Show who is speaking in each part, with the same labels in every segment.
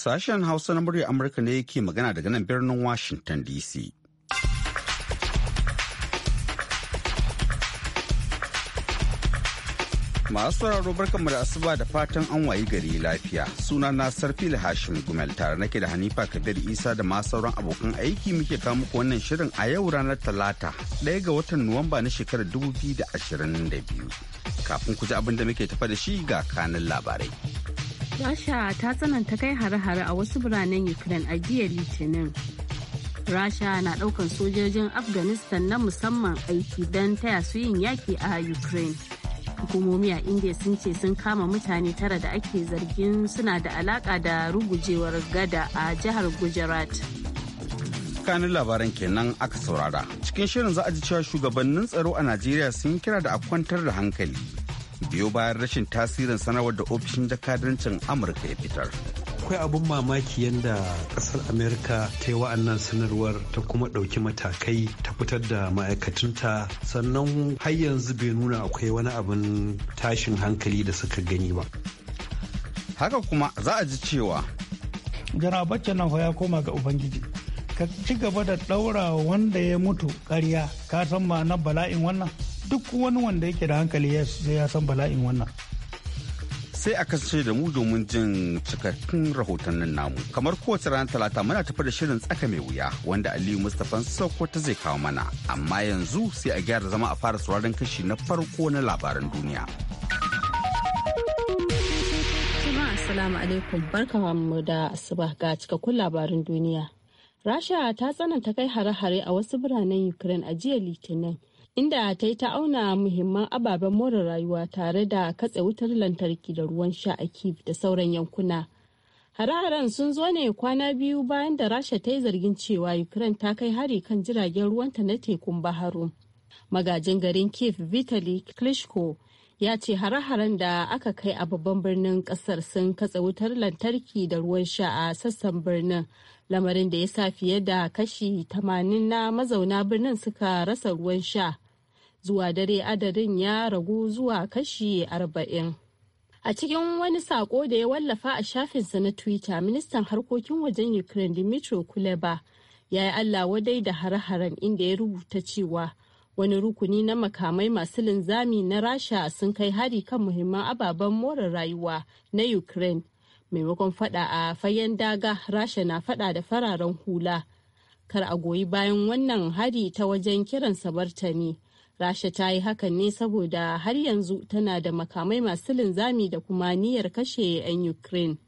Speaker 1: Sashen Hausa na murya Amurka ne yake magana daga nan birnin Washington DC. Masu sauraro barkanmu da asuba da fatan an wayi gari lafiya. Suna na Sarfil Hashim Gumel tare nake da Hanifa Kabir Isa da masu sauran abokan aiki muke kawo muku wannan shirin a yau ranar Talata, ɗaya ga watan Nuwamba na shekarar 2022. Kafin ku ji abin da muke tafa da shi ga kanin labarai.
Speaker 2: Rasha ta tsananta kai hare-hare a wasu biranen Ukraine a jiya Litinin. Rasha na daukan sojojin Afghanistan na musamman aiki don taya su yin yaki a Ukraine. Hukumomi a India sun ce sun kama mutane tara da ake zargin suna da alaka da rugujewar gada a jihar Gujarat.
Speaker 1: kanin labaran kenan aka saurara. Cikin shirin za a ji cewa shugabannin tsaro a Najeriya sun kira da a kwantar da hankali biyo bayan rashin tasirin sanarwar da ofishin jakadancin amurka ya fitar
Speaker 3: akwai abun mamaki yadda kasar amerika ta yi wa'annan sanarwar ta kuma ɗauki matakai ta fitar da ma'aikatunta sannan har yanzu bai nuna akwai wani abin tashin hankali da suka gani ba
Speaker 1: haka kuma za a ji cewa
Speaker 4: jarabacce na ya koma ga ubangiji ka ci gaba da ɗaura wanda ya mutu karya ka san ma na bala'in wannan duk wani wanda yake da hankali ya san bala'in wannan
Speaker 1: sai a kasance da mu domin jin cikakkun rahotannin namu kamar kowace ranar talata muna tafi da shirin tsaka mai wuya wanda aliyu mustapha sokoto zai kawo mana amma yanzu sai a gyara zama a fara sauraron kashi na farko na labaran duniya
Speaker 2: Assalamu alaikum barkanmu da asuba ga cikakkun labarin duniya. Rasha ta tsananta kai hare-hare a wasu biranen Ukraine a jiya Litinin inda ta yi ta auna muhimman ababen more rayuwa tare da katse wutar lantarki da ruwan sha a kif da sauran yankuna hare sun zo ne kwana biyu bayan da rasha ta yi zargin cewa ukraine ta kai hari kan jiragen ruwanta na tekun baharu magajin garin kif vitali klitschko ya ce hare-haren da aka kai a babban birnin kasar sun katse wutar lantarki da ruwan sha a sassan birnin lamarin da ya sa fiye da kashi 80 na mazauna birnin suka rasa ruwan sha zuwa dare adadin ya ragu zuwa kashi arba'in. A cikin wani sako da ya wallafa a shafinsa na Twitter, ministan harkokin wajen Ukraine dmitry Kuleba ya yi Allah wadai da hare-haren inda ya rubuta cewa wani rukuni na makamai masu linzami na Rasha sun kai hari kan muhimman ababen more rayuwa na Ukraine. Maimakon fada a fagen daga, Rasha na fada da fararen hula. Kar a goyi bayan wannan hari ta wajen kiransa martani. rasha ta yi hakan ne saboda har yanzu tana da makamai masu linzami da kuma niyyar kashe 'yan ukraine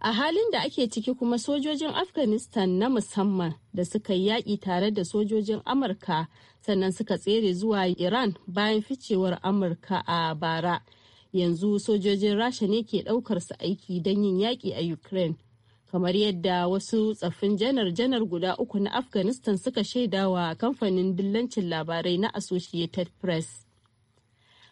Speaker 2: a halin da ake ciki kuma sojojin afghanistan na musamman da suka yi yaƙi tare da sojojin amurka sannan suka tsere zuwa iran bayan ficewar amurka a bara yanzu sojojin rasha ne ke ɗaukar su aiki don yin yaƙi a ukraine kamar yadda wasu tsaffin janar-janar guda uku na afghanistan suka shaidawa kamfanin dillancin labarai na associated press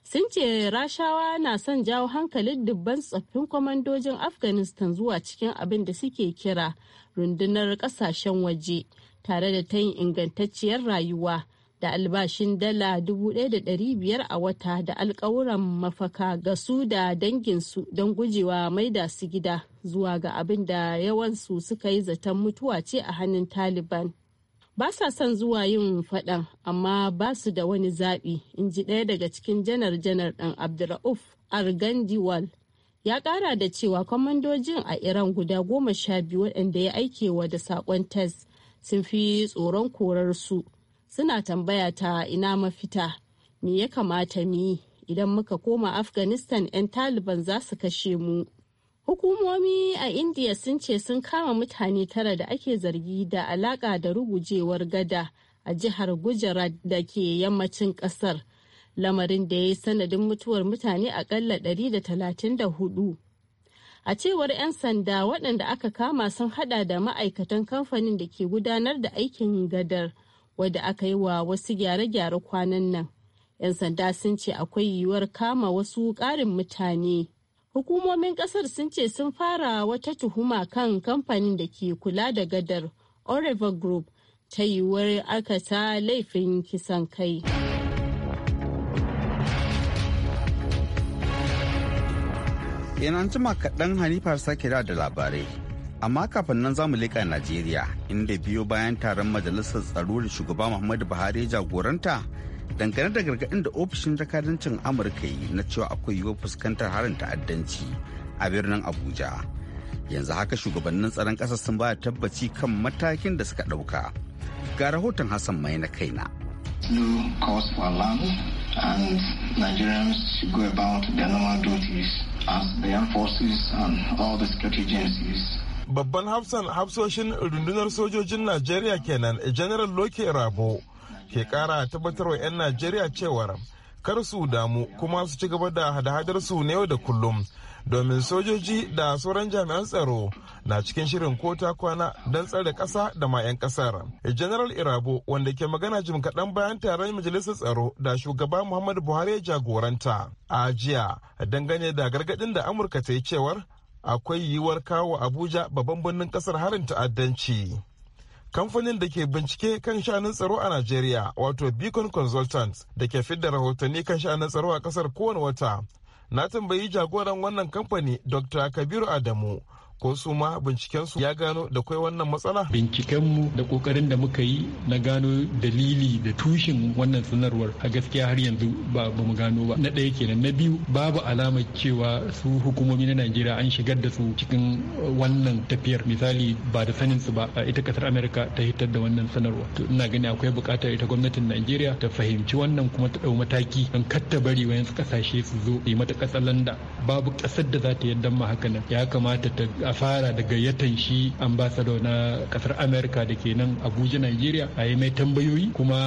Speaker 2: sun ce rashawa na son jawo hankalin dubban tsaffin kwamandojin afghanistan zuwa cikin abin da suke kira rundunar kasashen waje tare da ta yin ingantacciyar rayuwa da albashin dala biyar a wata da alkawuran mafaka ga su da danginsu don gujewa maida su gida zuwa ga abin da yawansu suka yi zaton mutuwa ce a hannun taliban ba sa son zuwa yin faɗan amma ba su da wani zaɓi in ji ɗaya daga cikin janar-janar ɗan abdurrauf argandiwal ya ƙara da cewa kwamandojin a iran guda goma sha biyu waɗanda ya aikewa da saƙon tes sun fi tsoron korar su suna tambaya ta ina mafita me ya kamata mu idan muka koma afghanistan 'yan taliban za su kashe mu hukumomi a india sun ce sun kama mutane tara da ake zargi da alaka da rugujewar gada a jihar gujarat da ke yammacin kasar lamarin da ya yi sanadin mutuwar mutane akalla 134 a cewar 'yan sanda waɗanda aka kama sun hada da ma'aikatan kamfanin da ke gudanar da aikin gadar wadda aka yi wa wasu gyare-gyare kwanan nan 'yan sanda sun ce akwai yiwuwar kama wasu ƙarin mutane hukumomin ƙasar sun ce sun fara wata tuhuma kan kamfanin da ke kula da gadar oreva group ta yiwuwar aikata laifin kisan kai.
Speaker 1: yana jima kaɗan hanifar sake da labarai amma kafin nan zamu leƙa najeriya inda biyo bayan taron majalisar tsaro da shugaba muhammadu buhari jagoranta dangane da gargaɗin da ofishin jakadancin amurka yi na cewa akwai yiwuwar fuskantar harin ta'addanci a birnin abuja yanzu haka shugabannin tsaron ƙasa sun ba tabbaci kan matakin da suka ɗauka ga rahoton hassan mai na kaina
Speaker 5: New and Nigerians should go about their normal duties as forces and all babban hafsan hafsoshin rundunar sojojin najeriya kenan general loke rabo ke kara tabbatarwa 'yan najeriya cewar kar su damu kuma su ci gaba da hada-hadar su na yau da kullum domin sojoji da sauran jami'an tsaro na cikin shirin ko ta kwana don tsare ƙasa da ma 'yan ƙasar. General Irabo wanda ke magana jim kaɗan bayan taron majalisar tsaro da shugaba Muhammadu Buhari ya jagoranta a jiya dangane da gargaɗin da Amurka ta yi cewar akwai yiwuwar kawo abuja babban birnin kasar harin ta'addanci kamfanin da ke bincike kan shanin tsaro a najeriya wato beacon consultant da ke fidda rahotanni kan shanin tsaro a kasar kowane wata na tambayi jagoran wannan kamfani dr kabiru adamu ko su ma bincikensu ya gano da kwai wannan matsala?
Speaker 6: Bincikenmu da kokarin da muka yi na gano dalili da tushen wannan sanarwar a gaskiya har yanzu ba mu gano ba. Na ɗaya kenan na biyu babu alamar cewa su hukumomi na Najeriya an shigar da su cikin uh, wannan tafiyar misali ba da sanin su ba ita kasar Amerika ta hitar da wannan sanarwa. To ina gani akwai buƙatar ita gwamnatin Najeriya ta fahimci wannan kuma ta ɗau mataki don kar ta bari wayansu ƙasashe su zo yi mata ƙasalanda babu ƙasar da za ta yarda ma haka nan ya kamata ta a fara da gayyatan shi ambassador na kasar america da ke nan abuja nigeria a yi mai tambayoyi kuma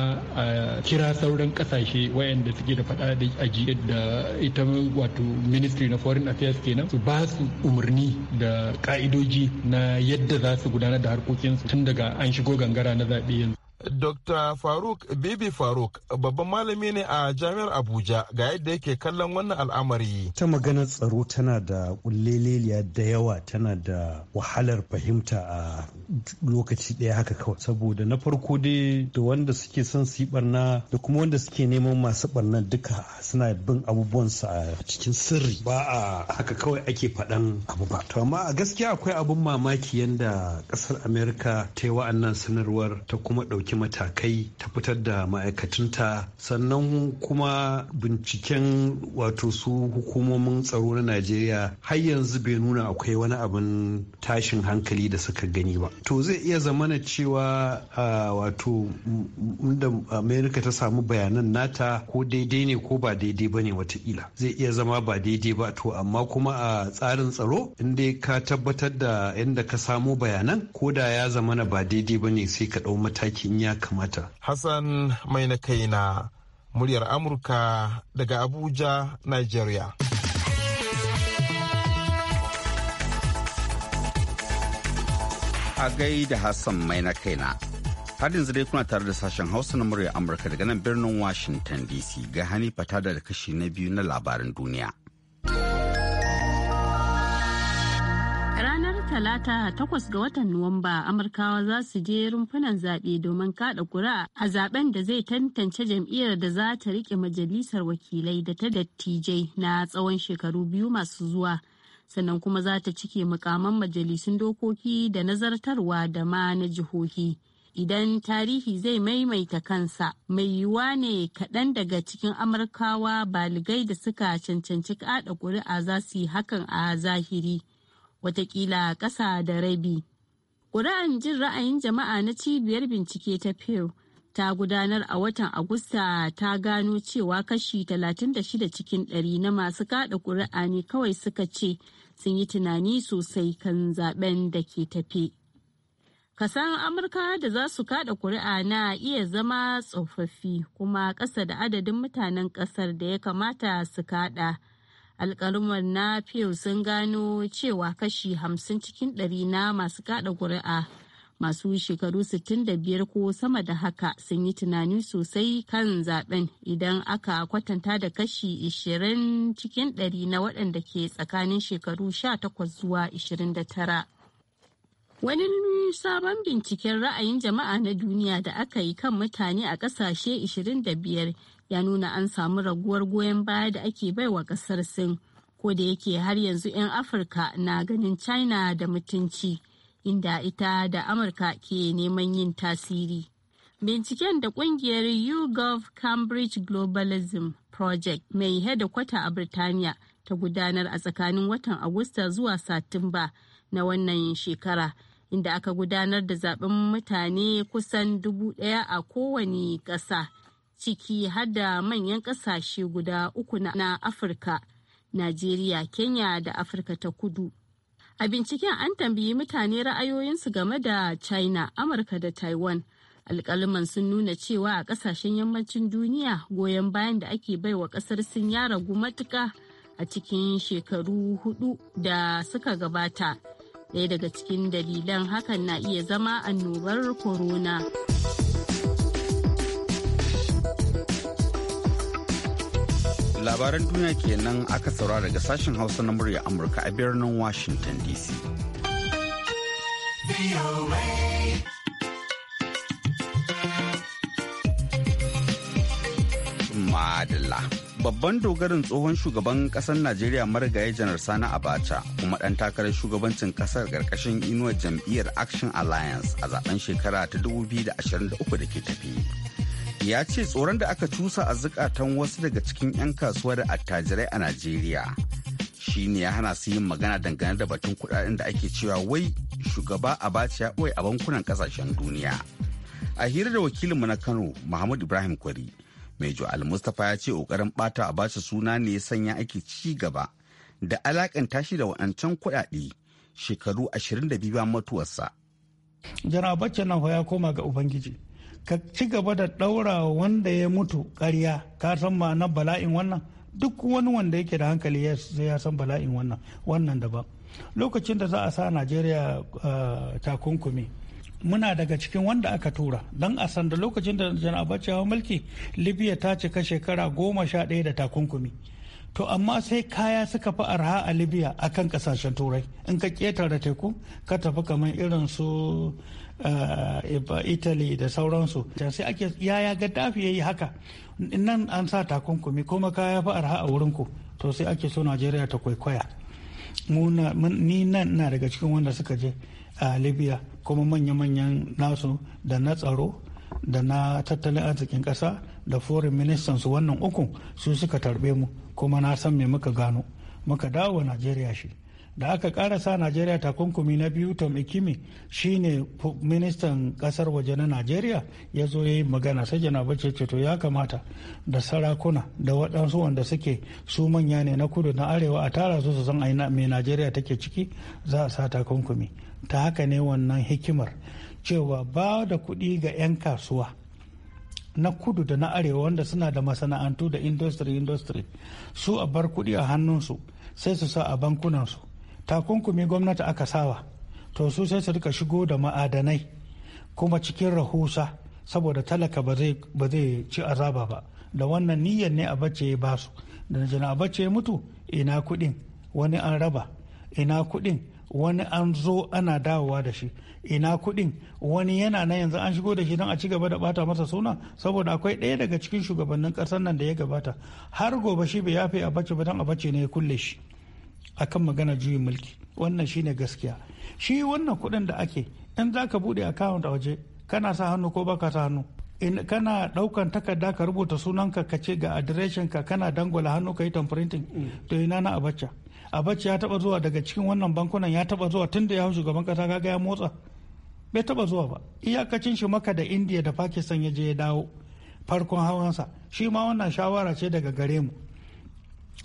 Speaker 6: a kira sauran kasashe wayanda suke da fada da aji da ita wato ministry na foreign affairs kenan su ba su umarni da ka'idoji na yadda za su gudanar da harkokinsu
Speaker 5: tun daga an shigo gangara na zaɓe yanzu Dr. Faruk Bibi Faruk babban malami ne a jami'ar Abuja ga yadda yake kallon wannan al'amari.
Speaker 3: Ta maganar tsaro tana da kulleleliya da yawa tana da wahalar fahimta a lokaci ɗaya haka kawai saboda na farko dai da wanda suke son su yi barna da kuma wanda suke neman masu barna duka suna bin abubuwansa a cikin sirri ba a haka kawai ake faɗan abu ba to amma a gaskiya akwai abun mamaki yanda ƙasar amerika ta yi wa'annan sanarwar ta kuma ɗauki matakai ta fitar da ma'aikatunta sannan kuma binciken wato su hukumomin tsaro na najeriya har yanzu bai nuna akwai wani abin tashin hankali da suka gani ba to zai iya zamana cewa wato inda amerika ta samu bayanan nata ko daidai ne ko ba daidai ba ne watakila zai iya zama ba daidai ba to amma kuma a tsarin tsaro inda ka tabbatar da inda ka samu bayanan ko da ya zamana ba daidai ba ne sai ka ɗau matakin ya kamata
Speaker 5: hassan mai na kaina muryar amurka daga abuja nigeria a da
Speaker 1: Hassan mai na kaina. Har yanzu dai kuna tare da sashen Hausa na murya Amurka daga nan birnin Washington DC ga hani fata da kashi na biyu na labaran duniya.
Speaker 2: Ranar Talata takwas ga watan Nuwamba Amurkawa za su je rumfunan zaɓe domin kaɗa kura a zaben da zai tantance jam'iyyar da za ta riƙe majalisar wakilai da ta dattijai na tsawon shekaru biyu masu zuwa. sannan kuma za ta cike mukaman majalisun dokoki da nazartarwa da ma na jihohi. Idan tarihi zai maimaita kansa, mai yiwuwa ne kaɗan daga cikin Amurkawa baligai da suka cancanci kaɗa ƙuri'a za su yi hakan a zahiri, watakila ƙasa da rabi. Ƙuri'an jin ra'ayin jama'a na cibiyar bincike ta Pew ta gudanar a watan Agusta ta gano cewa kashi 36 cikin ɗari na masu kaɗa ƙuri'a ne kawai suka ce sun yi tunani sosai kan zaben da ke tafe. Kasan Amurka da za su kada ƙuri'a na iya zama tsofaffi kuma ƙasa da adadin mutanen ƙasar da ya kamata su kaɗa alƙalumar na Pew sun gano cewa kashi 50 cikin ɗari na masu kada ƙuri'a masu shekaru 65 ko sama da haka sun yi tunani sosai kan zaben idan aka kwatanta da kashi 20 cikin 100 na waɗanda ke tsakanin shekaru 18 zuwa 29. Wani sabon binciken ra'ayin jama'a na duniya da aka yi kan mutane a ƙasashe 25 ya nuna an samu raguwar goyon baya da ake baiwa ƙasar Sin, ko da yake har yanzu 'yan Afirka na ganin China da mutunci. inda ita da Amurka ke neman yin tasiri. Binciken da kungiyar YouGov Cambridge Globalism Project mai kwata a Birtaniya ta gudanar a tsakanin watan Agusta zuwa Satumba na wannan shekara, inda aka gudanar da zaben mutane kusan dubu ɗaya a kowane ƙasa, ciki har da manyan ƙasashe guda uku na Afirka, Najeriya, Kenya da Afirka ta Kudu. A binciken an tambayi mutane ra'ayoyinsu game da China, Amurka da Taiwan. Alƙaliman sun nuna cewa a ƙasashen yammacin duniya goyon bayan da ake bai wa ƙasar sun ya ragu matuƙa a cikin shekaru hudu da suka gabata. Ɗaya daga cikin dalilan hakan na iya zama annobar corona.
Speaker 1: labaran duniya kenan aka saura daga sashen hausa na murya amurka a birnin washington dc madalla babban dogarin tsohon shugaban kasar najeriya marigayi janar sani abacha kuma dan takarar shugabancin kasar karkashin inuwar jam'iyyar action alliance a zaben shekara ta 2023 da ke tafi ya ce tsoron da aka cusa a zukatan wasu daga cikin 'yan kasuwa da attajirai a najeriya shi ne ya hana su yin magana dangane da batun kudaden da ake cewa wai shugaba a baci ya a bankunan kasashen duniya a hira da wakilinmu na kano muhammad ibrahim kwari mejo al-mustapha ya ce kokarin bata baci suna ne ya sanya ake ci gaba da alakanta shi da waɗancan kuɗaɗe shekaru 22 bayan mutuwarsa. Jana
Speaker 4: Bacci nan ya koma ga Ubangiji. ka ci gaba da ɗaura wanda ya mutu ƙarya ka san na bala'in wannan duk wani wanda yake da hankali ya san bala'in wannan wannan daban lokacin da za a sa najeriya ah, takunkumi muna daga cikin wanda aka tura don a sanda lokacin da jana abaci hawa mulki libya ta cika shekara goma sha ɗaya da takunkumi to amma sai kaya suka fi arha a libya akan kasashen turai in ka ketare teku ka tafi kamar irin su Eh, eh, italy da sauransu sai ake yaya gaddafi ya yi haka nan an sa takunkumi ko makaya fa arha a wurinku to sai ake so najeriya ta kwaikwaya ni nan na daga cikin wanda suka je a libya kuma manya-manyan nasu da na tsaro da na tattalin arzikin ƙasa da foreign minister su wannan uku su suka tarbe mu kuma na san me muka gano muka dawo najeriya shi da aka karasa najeriya takunkumi na biyu tom ikimi shine ministan kasar waje na najeriya ya zo ya yi magana sai janaba ce ceto ya kamata da sarakuna da waɗansu wanda suke su manya ne na kudu na arewa a tara su su san aina mai najeriya take ciki za a sa takunkumi ta haka ne wannan hikimar cewa ba da kuɗi ga 'yan kasuwa na kudu da na arewa wanda suna da masana'antu da industry industry su a bar kuɗi a hannunsu sai su sa a bankunansu takunkumi gwamnati aka sawa to su sai su rika shigo da ma'adanai kuma cikin rahusa saboda talaka ba zai ci azaba ba da wannan niyyar ne a bace ya basu da na a bace ya mutu ina kudin wani an raba ina kuɗin wani an zo ana dawowa da shi ina kuɗin wani yana na yanzu an shigo da shi don a ci gaba da bata masa suna saboda akwai ɗaya daga cikin shugabannin ƙasar nan da ya gabata har gobe shi bai yafe a bace ba don a bace ne ya kulle shi akan magana juyin mulki wannan shine gaskiya shi wannan kuɗin da ake in za ka buɗe account a waje kana sa hannu ko baka sa hannu in kana daukan takarda ka rubuta sunanka ka ce ga adireshin ka kana dangwala hannu ka yi tamfirintin to ina na abacha abacha ya taba zuwa daga cikin wannan bankunan ya taba zuwa tun da ya hau shugaban kasa kaga ya motsa bai taba zuwa ba iyakacin shi maka da indiya da pakistan ya je ya dawo farkon hawansa shi ma wannan shawara ce daga gare mu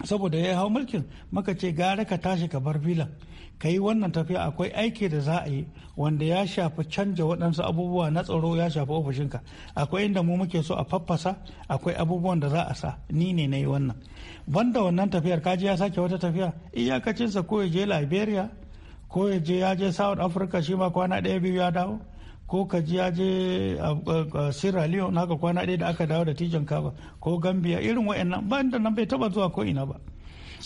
Speaker 4: saboda ya hau mulkin maka ce gara ka tashi ka bar filan ka yi wannan tafiya akwai aiki da za a yi wanda ya shafi canja waɗansu abubuwa na tsaro ya shafi ofishinka akwai inda mu muke so a faffasa akwai abubuwan da za a sa ni ne na yi wannan banda wannan tafiyar kaji ya sake wata tafiya iyakacinsa ko ya je liberia ko ya je ya je south africa shi ma kwana ɗaya biyu ya dawo ko ka ji ya je sierra leone haka kwana ɗaya da aka dawo da tijan kaba ko gambia irin wa'annan ba da nan bai taba zuwa ko ina ba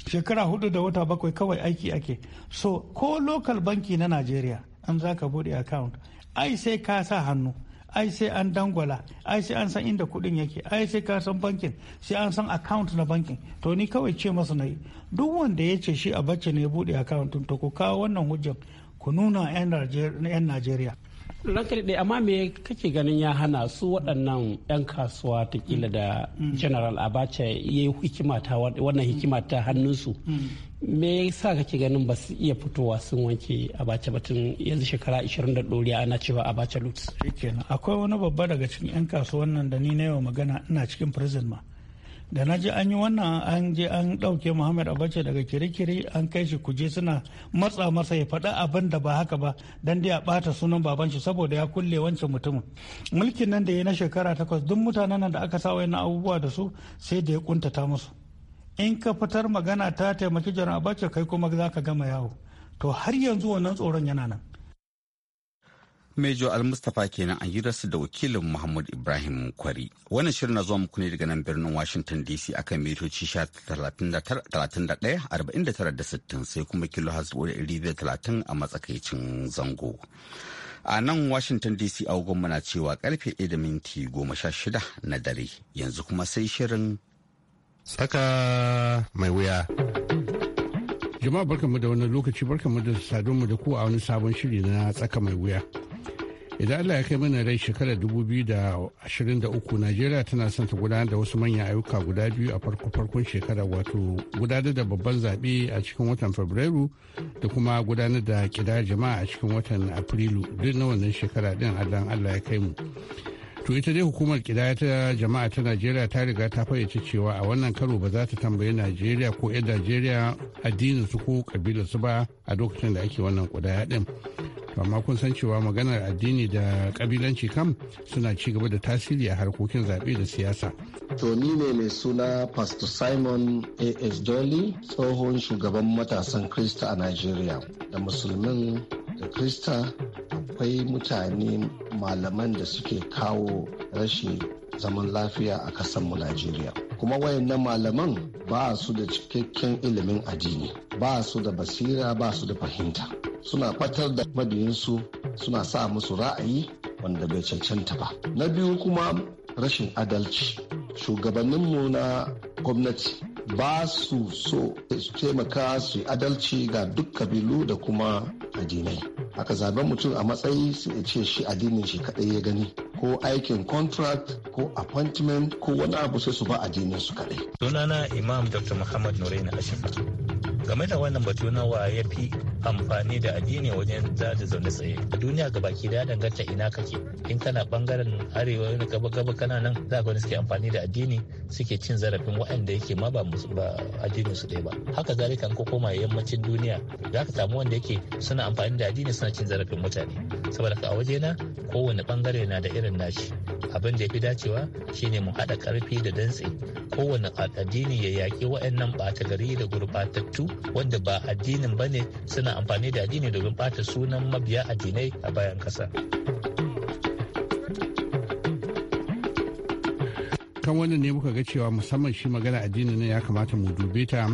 Speaker 4: shekara hudu da wata bakwai kawai aiki ake so ko local banki na nigeria an za ka bude account ai sai ka sa hannu ai sai an dangwala ai sai an san inda kuɗin yake ai sai ka san bankin sai an san account na bankin to ni kawai ce masa na yi duk wanda ya ce shi a bacci ne ya buɗe account to ku kawo wannan hujjan ku nuna 'yan najeriya
Speaker 6: ranka daɗe amma me kake ganin ya hana su waɗannan 'yan kasuwa ta kila da general
Speaker 7: abacha ya yi hikima ta wannan hikima ta hannunsu me yasa kake ganin ba su iya fitowa sun wanke abacha batun yanzu shekara 20 da ɗoriya ana cewa abacha
Speaker 4: lutz akwai wani babba daga cikin 'yan kasuwan nan da ni na yau magana ina cikin prison ma da na je an yi wannan an je an ɗauke muhammad abacha daga kirikiri an kai shi kuje suna matsa masa ya faɗa abin da ba haka ba dan dai a ɓata sunan baban shi saboda ya kulle wancan mutumin mulkin nan da ya na shekara takwas duk mutanen nan da aka sa wayannan abubuwa da su sai da ya kuntata musu in ka fitar magana ta taimaki jana abacha kai kuma za ka gama yawo to har yanzu wannan tsoron yana nan
Speaker 1: Mejo Al-Mustapha kenan a hirarsu da wakilin Muhammad Ibrahim Kwari. Wannan shirin na zuwa muku ne daga nan birnin Washington DC akan mitoci 31 sai kuma kilo talatin a matsakaicin zango. A nan Washington DC agogon muna cewa karfe 1 da minti 16 na dare yanzu kuma sai shirin
Speaker 8: Saka mai wuya. Jama'a barkanmu da wannan lokaci barkanmu da sadonmu da ku a wani sabon shiri na tsaka mai wuya. idan allah ya kai mana rai shekarar 2023 najeriya tana son ta gudanar da wasu manyan ayyuka guda biyu a farko farkon shekara wato gudanar da babban zaɓe a cikin watan fabrairu da kuma gudanar da kidar jama'a a cikin watan afrilu duk na wannan shekara din adan allah ya kai mu to ita dai hukumar kidar ta jama'a ta najeriya ta riga ta fayyace cewa a wannan karo ba za ta tambayi najeriya ko 'yan najeriya addinin su ko kabilar ba a lokacin da ake wannan kudaya din amma kun san cewa maganar addini da kabilanci kam suna ci gaba da tasiri a harkokin zaɓe da siyasa.
Speaker 5: To ni ne mai suna Pastor Simon A.S. Jolly tsohon shugaban matasan Krista a Najeriya da musulmin da Krista akwai mutane malaman da suke kawo rashin zaman lafiya a kasanmu Najeriya. Kuma wayannan malaman ba su da cikakken ilimin addini, ba su da basira, ba su da fahimta. suna fatar da mabiyansu suna sa musu ra'ayi wanda bai cancanta ba na biyu kuma rashin adalci shugabanninmu na gwamnati ba su so su taimaka su adalci ga duk kabilu da kuma addinai aka zaben mutum a matsayi su ce shi addinin shi kaɗai ya gani ko aikin contract ko appointment ko wani abu sai su ba addinin su kaɗai
Speaker 7: sunana imam dr muhammad nuraini ashir game da wannan batu na wa ya fi amfani da addini wajen zaje zaune tsaye a duniya ga baki da danganta ina kake in kana bangaren arewa wani gaba gaba kana nan za ga suke amfani da addini suke cin zarafin waɗanda yake ma ba addini su ɗaya ba haka zalika ko koma yammacin duniya za ka samu wanda yake suna amfani da addini suna cin zarafin mutane saboda ka a wajena kowane bangare na da irin nashi abin da ya fi dacewa shine mu haɗa karfi da dantse kowane addini ya yaƙi waɗannan ɓata gari da gurɓatattu wanda ba addinin ba ne suna amfani da addini domin ɓata sunan mabiya addinai a bayan kasa.
Speaker 8: kan wannan ne muka ga cewa musamman shi magana addini ne ya kamata mu dube ta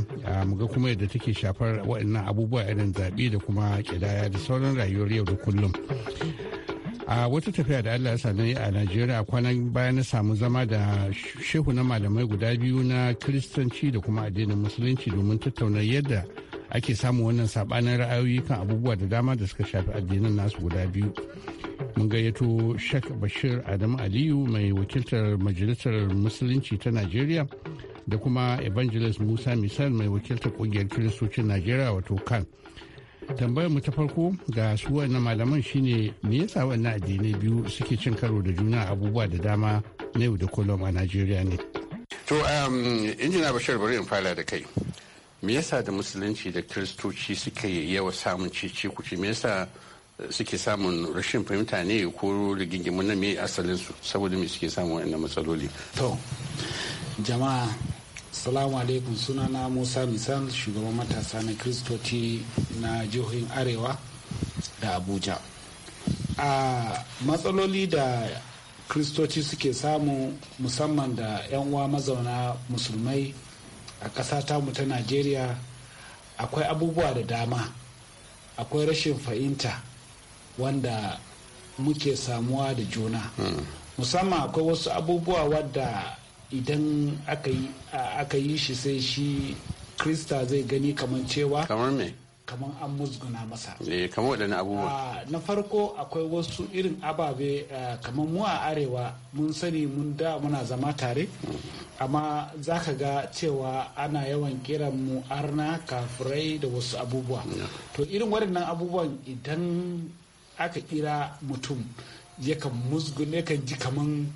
Speaker 8: mu ga kuma yadda take shafar waɗannan abubuwa irin zaɓe da kuma ƙidaya da sauran rayuwar yau da kullum a wata tafiya da allah ya yi a najeriya kwanan baya na samu zama da shehu na malamai guda biyu na kiristanci da kuma addinin musulunci domin tattauna yadda ake samun wannan sabanin ra'ayoyi kan abubuwa da dama da suka shafi addinin nasu guda biyu mun gayyato shek bashir adamu aliyu mai wakiltar majalisar musulunci ta najeriya da kuma evangelist musa misal mai wakiltar kungiyar kiristocin najeriya wato kan tambayar mu ta farko ga su na malaman shine me yasa wannan addinai biyu suke cin karo da juna abubuwa da dama na yau da kullum a Najeriya ne to um, injina bashir bari in fara da kai me yasa da musulunci da kiristoci suke yawa samun cece kuce me yasa uh, suke samun rashin fahimta ne ko rigingimu na me asalin su saboda me suke samun wannan matsaloli
Speaker 6: to jama'a Salamu alaikum suna na Musa Misal shugaban matasa na Kristoci na jihohin Arewa da Abuja. A matsaloli da Kristoci suke samu musamman da 'yan uwa mazauna musulmai a ƙasa tamu ta Najeriya akwai abubuwa da dama. Akwai rashin fahimta wanda muke samuwa da juna. Hmm. Musamman akwai wasu abubuwa wadda idan aka yi shi sai shi krista zai gani kamar cewa kamar me kamar an musguna
Speaker 8: masa eh kamar waɗannan abubuwa ah, na farko
Speaker 6: akwai wasu irin ababe ah, kamar mu a arewa mun sani mun da muna zama tare amma za ka ga cewa ana yawan kiran mu arna kafirai da wasu abubuwa to irin waɗannan abubuwan idan aka kira mutum yakan musgune kan ji kaman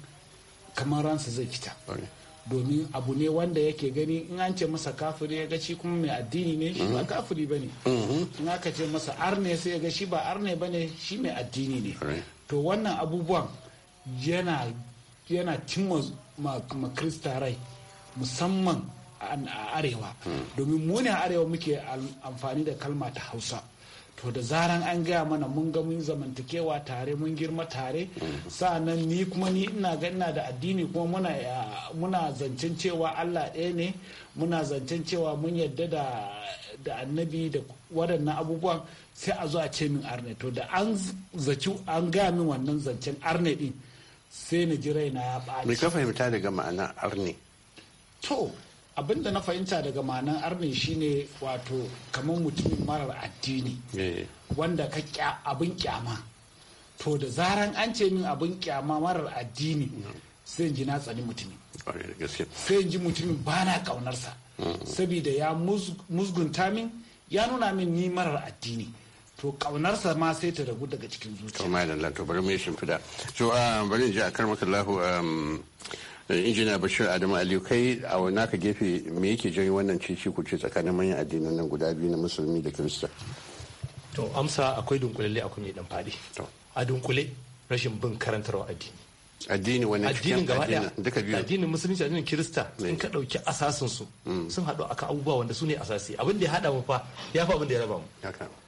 Speaker 6: kamar ransa zai fita domin abu ne wanda yake gani in an ce masa kafiri ya ga shi kuma mai addini ne shi ba kafiri ba ne mm-hmm. in aka ce masa arne sai ya ga shi ba arne ba ne shi mai addini ne to wannan abubuwan yana yana cimma ma krista rai musamman a arewa mm. domin mu a arewa muke amfani da kalma ta hausa to da zaran an gaya mana mun ga mun zamantakewa tare mun girma tare sa'annan ni kuma ni ina ga ina da addini kuma muna muna zancen cewa Allah ɗaya ne muna zancen cewa mun yadda da da annabi da waɗannan abubuwan sai a zo a ce min arne to da an zaci an gaya min wannan zancen arne din sai na ji raina ya ɓaci. Me ka fahimta
Speaker 8: daga ma'ana arne?
Speaker 6: To abin da na fahimta daga ma'anan arne shine wato kamar mutumin marar addini wanda ka abin kyama to da zaran an ce min abin kyama marar addini mm. sai ji na tsani mutumin sai ji mutumin ba na kaunarsa mm. saboda ya musgunta min ya nuna min ni marar addini to kaunarsa ma sai ta ragu daga cikin
Speaker 8: zuciya. to bari mu yi shimfiɗa. To ah, bari in ji a karmaka um, injina bashir adamu aliyu kai a naka gefe me yake janyo wannan cici kuce tsakanin manyan addinan nan guda biyu na musulmi da kirista
Speaker 7: to amsa akwai dunkule akwai mai dan fadi a dunkule rashin bin karantarwa addini addini wani cikin gaba daya duka biyu addinin musulunci addinin kirista mm. sun ka dauki asasin su sun hadu akan abubuwa wanda su ne asasi abin da ya hada mu fa ya fa abin da ya raba mu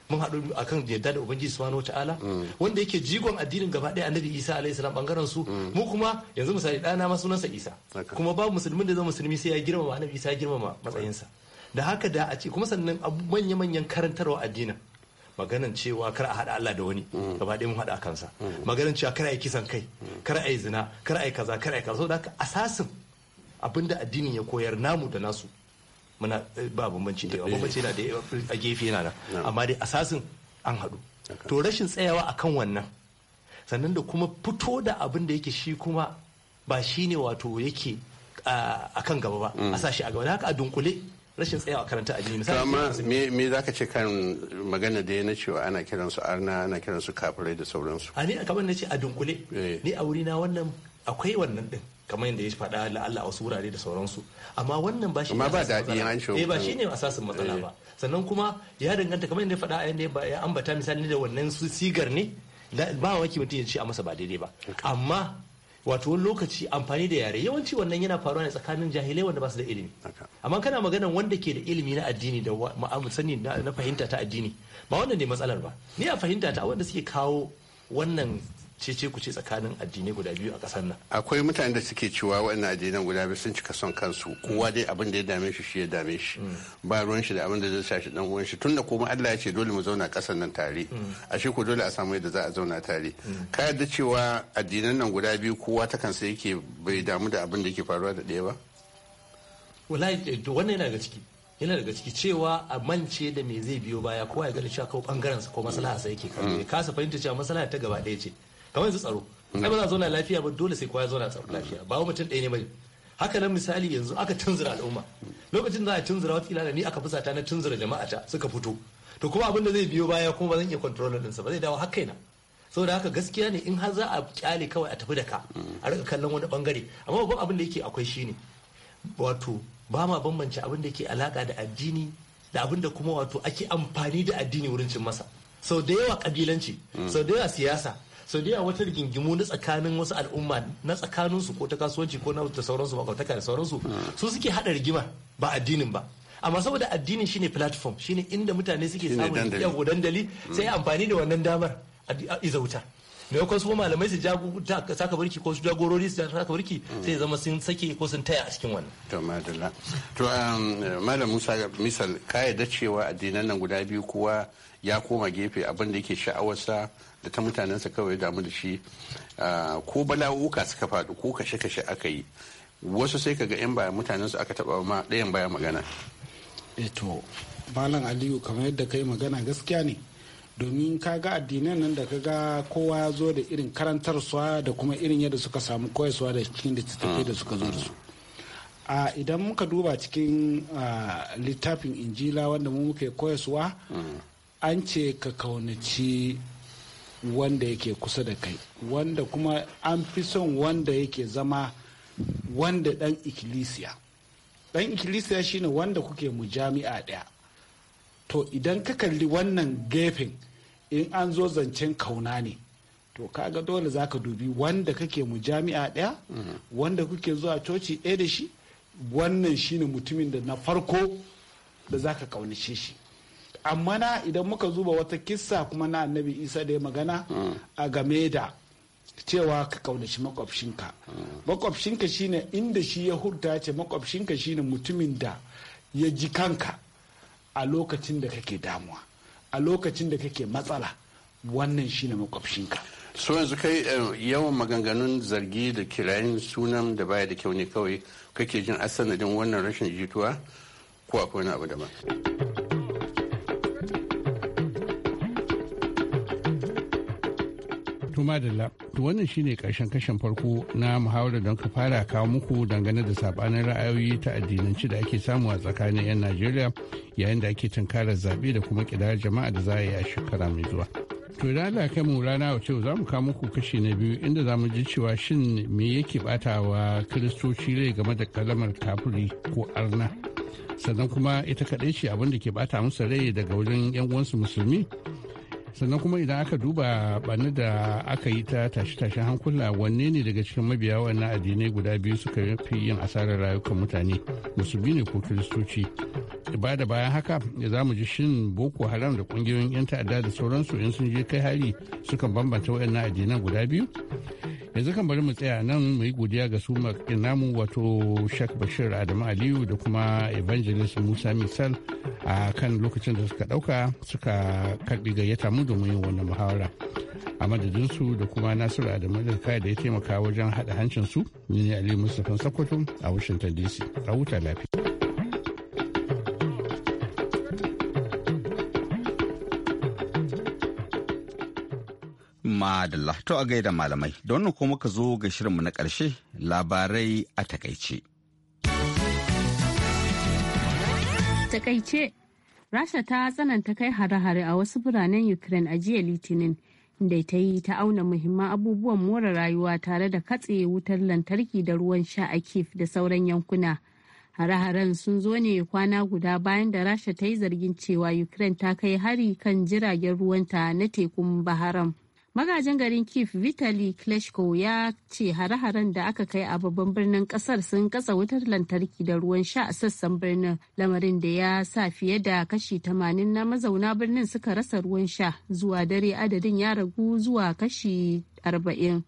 Speaker 7: mun haɗu akan yadda da ubangiji subhanahu wataala mm. wanda yake jigon addinin gaba daya annabi isa alayhi salam bangaren su mm. mu kuma yanzu misali dana ma sunansa isa kuma babu musulmin da zama musulmi sai ya girmama annabi isa ya girmama matsayinsa da haka da a ce kuma sannan manya-manyan karantarwa addinin maganan cewa kar a haɗa Allah da wani gaba ɗaya mun haɗa kansa maganan cewa kar a yi kisan kai kar a yi zina kar a yi kaza kar a yi kaza saboda haka asasin abinda addinin ya koyar namu da nasu muna eh, ba bambanci da yawa bambanci na da a gefe yana nan amma dai asasin an haɗu to rashin tsayawa akan wannan sannan da kuma fito da abin da yake shi kuma ba shi ne wato yake ah, a kan gaba ba mm. a sa shi a gaba da haka a dunkule rashin tsayawa karanta addini misali amma
Speaker 8: me me zaka ce kan magana da na cewa ana kiran su arna ana kiran su kafirai da sauransu
Speaker 7: a ni kamar nace a dunkule eh. ni a wurina wannan akwai wannan din kamar yadda ya faɗa la'alla a wasu wurare da sauransu amma wannan ba shi ne ba daɗi an shi eh, ba shi ne asasin matsala eh. ba sannan kuma ya danganta kamar yadda ya faɗa yadda ya ambata misali da wannan sigar ne ba waki mutum ya ce a masa ba daidai ba amma wato wani lokaci amfani da yare yawanci wannan yana faruwa ne tsakanin jahilai wanda ba su da ilimi amma kana magana wanda ke da ilimi na addini da sani na fahimta ta addini ba wannan ne matsalar ba ni a fahimta ta wanda suke kawo wannan cece ku ce tsakanin addinai guda biyu a ƙasar nan
Speaker 8: akwai mutane da suke cewa waɗannan addinan guda biyu sun cika son kansu kowa dai abin da ya dame shi shi ya dame shi mm. ba ruwan shi da abin da zai sa shi dan uwan shi tunda kuma Allah ya ce dole mu zauna ƙasar nan tare mm. shi ko dole a samu yadda za a zauna tare mm. ka yarda cewa addinan nan guda biyu kowa ta kansa yake bai damu da abin da yake faruwa da ɗaya ba
Speaker 7: wallahi eh, wannan yana daga ciki yana daga ciki cewa a mance da me zai biyo baya kowa ya gani cewa kawai bangaren sa ko maslaha sa yake kasa fahimta cewa maslaha ta gaba ɗaya ce kamar yanzu tsaro kai hmm. ba za a zauna lafiya ba dole sai kwaya ya zauna lafiya ba mutum ɗaya ne bane haka nan misali yanzu aka tunzura al'umma lokacin za a tunzura wata da ni aka fusata na tunzura ta suka fito to kuma abin da zai biyo baya kuma ba zan iya control ɗinsa ba zai dawo hakaina kaina saboda haka gaskiya ne in har za a kyale kawai a tafi da ka hmm. a rika kallon wani bangare amma babban abin da yake akwai shine wato ba ma bambance abin da ke alaka da addini da abin da kuma wato ake amfani da addini wurin cin masa sau da yawa kabilanci hmm. sau da yawa siyasa sau da wata rigingimu na tsakanin wasu al'umma na tsakaninsu ko ta kasuwanci ko na da sauransu makwabtaka da sauransu su suke haɗa rigima ba addinin ba amma saboda addinin shine platform shine inda mutane suke samun yawo dandali mm. sai amfani da wannan damar a izauta maimakon su malamai su jago saka barki ko su jagorori su saka barki mm. sai zama sun sake ko sun taya a cikin wannan.
Speaker 8: to madalla to um, malam musa misal ka yadda cewa addinan nan guda biyu kowa ya koma gefe abin da yake sha'awarsa da ta mutanensa kawai damu da shi ko bala'uka suka faɗi ko kashe-kashe aka yi wasu sai kaga 'yan baya mutanensu aka taɓa ma ɗayan baya magana
Speaker 6: eto malam aliyu kamar yadda ka yi magana gaskiya ne domin ka ga addinan nan da ka ga kowa ya zo da irin karantarsuwa da kuma irin yadda suka samu suwa da cikin littattafai da suka zo da su a idan muka duba cikin littafin injila wanda mu muke suwa mm. an ce ka kaunaci wanda yake kusa da kai wanda kuma an fi son wanda yake zama wanda dan ikkilisiya dan ikkilisiya shine wanda kuke mu jami'a ɗaya to idan ka kalli wannan gefen in an zo zancen kauna ne to kaga dole za ka dubi wanda kake mu jami'a ɗaya wanda kuke zuwa coci ɗaya da shi wannan shine mutumin da na farko da za ka kaunace shi amma na idan muka zuba wata kissa kuma na annabi isa da ya magana a game da cewa ka kaunaci makwabshinka makwabshinka shine inda shi ya hurta ce makwabshinka shine mutumin da ya ji kanka a lokacin da kake damuwa a lokacin da kake matsala wannan shine makwabshinka
Speaker 8: so yanzu kai eh, yawan maganganun zargi da kirayen sunan da baya da kyau ne kawai kake jin asanadin wannan rashin jituwa ko akwai wani abu daban To madalla, to wannan shine karshen kashen farko na muhawarar don ka fara kawo muku dangane da sabanin ra'ayoyi ta addinanci da ake samu a tsakanin 'yan Najeriya yayin da ake tunkarar zaɓe da kuma kidar jama'a da za a yi a shekara mai zuwa. To idan Allah kai mu rana wace za mu kawo muku kashi na biyu inda za mu ji cewa shin me yake batawa wa kiristoci rai game da kalamar kafiri ko arna. Sannan kuma ita kaɗai ce abin da ke bata musu rai daga wajen 'yan uwansu musulmi sannan kuma idan aka duba ɓanni da aka yi ta tashe-tashen hankula wanne ne daga cikin mabiya wannan addinai guda biyu suka fi yin asarar rayukan mutane musulmi ne ko kiristoci ba da bayan haka ya za mu ji shin boko haram da kungiyoyin 'yan ta'adda da sauransu in sun je kai hari suka bambanta waɗannan addinan guda biyu yanzu kan bari mu tsaya nan mu yi godiya ga su namu wato shak bashir adamu aliyu da kuma evangelist musa misal a kan lokacin da suka dauka suka karbi gayyata mu domin yin wannan muhawara a madadinsu da kuma nasiru adamu da kai da ya taimaka wajen hada hancinsu su ne aliyu mustapha sokoto a washington dc a lafiya
Speaker 1: adalla to a gaida malamai don nan kuma muka zo ga shirinmu na ƙarshe labarai a takaice.
Speaker 2: Takaice Rasha ta tsananta kai hare-hare a wasu biranen Ukraine a jiya Litinin da ta yi ta auna muhimman abubuwan more rayuwa tare da katse wutar lantarki da ruwan sha a Kiev da sauran yankuna. Hare-haren sun zo ne kwana guda bayan da Rasha ta yi zargin cewa Ukraine ta kai hari kan jiragen ruwanta na tekun Baharam. magajin garin kif vitali kleshko ya ce hare-haren da aka kai a babban birnin kasar sun katsa wutar lantarki da ruwan sha a sassan birnin lamarin da ya sa fiye da kashi 80 na mazauna birnin suka rasa ruwan sha zuwa dare adadin ya ragu zuwa kashi 40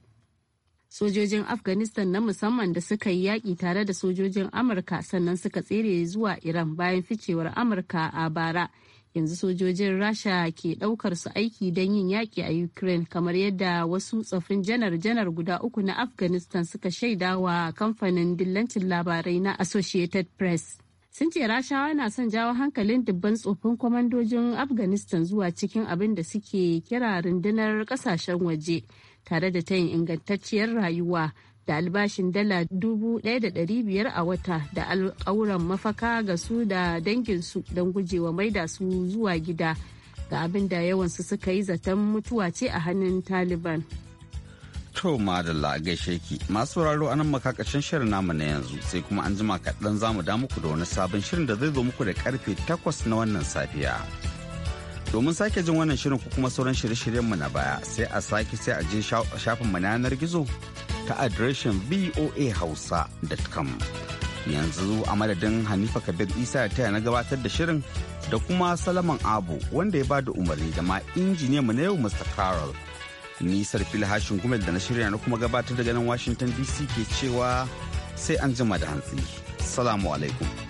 Speaker 2: sojojin afghanistan na musamman da suka yi yaƙi tare da sojojin amurka sannan suka tsere zuwa iran bayan ficewar amurka a bara yanzu sojojin rasha ke daukar su aiki don yin yaki a ukraine kamar yadda wasu tsofin janar-janar guda uku na afghanistan suka shaida wa kamfanin dillancin labarai na associated press sun ce rashawa na son jawo hankalin dubban tsofin kwamandojin afghanistan zuwa cikin abin da suke kira rundunar kasashen waje tare da ta yin ingantacciyar rayuwa da albashin dala dubu ɗaya da ɗari biyar a wata da alƙawuran mafaka ga su da danginsu don gujewa maida su zuwa gida ga abin da yawansu suka yi zaton mutuwa ce a hannun taliban
Speaker 1: to madalla gaishe ki masu sauraro anan makakashin shirin namu na yanzu sai kuma an jima kaɗan za mu da muku da wani sabon shirin da zai zo muku da karfe takwas na wannan safiya domin sake jin wannan shirin ko kuma sauran shirye-shiryenmu na baya sai a sake sai a je shafinmu na yanar gizo ta adireshin hausa.com Yanzu a madadin Hanifa Kabir Isa ta na gabatar da shirin da kuma Salaman Abu wanda ya ba da umarni da ma injiniya mu na yau Mr. Carol. nisar fili Hashin Gumel da na shirya na kuma gabatar daga nan Washington DC ke cewa sai an jima da hantsi. Salamu alaikum.